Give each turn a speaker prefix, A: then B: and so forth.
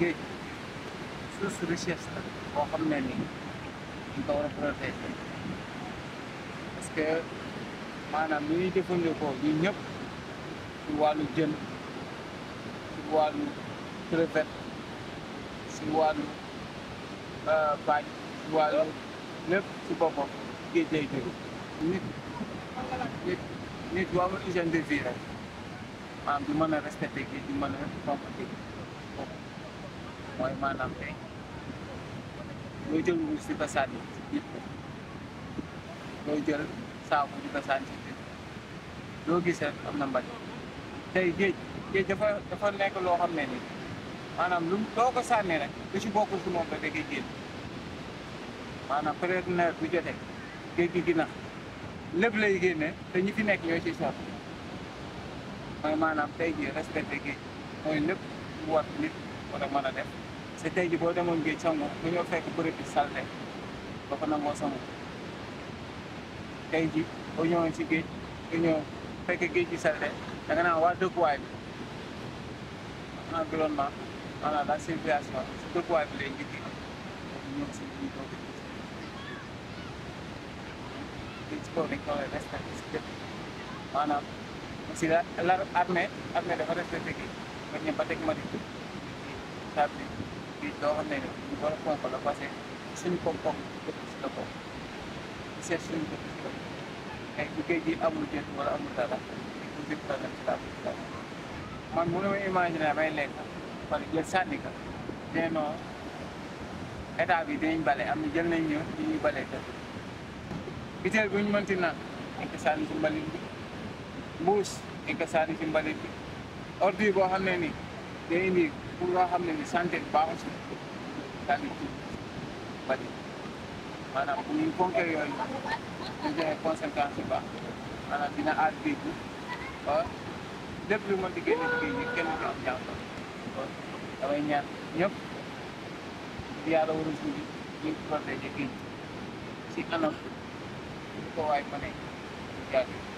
A: géej source recherche la boo xam ne ni ñu war a protéger parce que maanaam lu ñuy jëfandikoo ñu ñëpp ci wàllu jën ci wàllu crevette ci wàllu euh, baaj ci wàllu lépp ci boppam géej lay jóge nit nit nit bu de vie rek maanaam mën a respecté géej di mën a respecté boppam mooy maanaam tey loo jël wu si basaan yi ci biir loo jël saabu di basaan ci biir loo gis rek am na mbañ tey géej géej dafa dafa nekk loo xam ne nii maanaam lu loo ko sànni rek lu ci bokkul si moom rek da ngay génn maanaam nawet bu jotee géej gi ginax lépp lay génne te ñi fi nekk ñoo ci sot mooy maanaam tey jii respecté géej mooy lépp bu nit moo tax mën a def ji boo demoon géej sangu mu ñëw fekk bërëb bi salte ba ko nangoo sangu tey ji boo ñëwoon si ñëw fekk géej gi salte da nga naan waa bi environnement maanaam la civilisation si si ñu doog si kaw dañ ko war a respecté maanaam si la armée armée dafa respecté géej ba ñëw ba teg ma di sabi dito kami, wala po ako kasi sinipong pong gusto ko. Kasi sinipong gusto ko. Kaya bigay di amo dyan, wala amo tala. Ibigay pa ng sabi ko. Man muna may imagine na may leka. Paligyasan ka. Then no, ay tabi din yung balay. Ami dyan na inyo, yung balay ka. Itel ko yung mantina. Ikasani kong balindi. Bus, ikasani kong balindi. Ordi ko hamne ni. Dahil hindi pour nga xam ne ni santé bi baaxul si tamit bari maanaam bu ñuy fonkee yooyu ñu joxe conséquence yu baax maanaam dina aar géej gi ah lu mën di génne ci kenn du am jàngat kon damay ñaan ñëpp di yàlla war a suubi ñuy protéger géej gi si anam ko waay ma ne jaajëf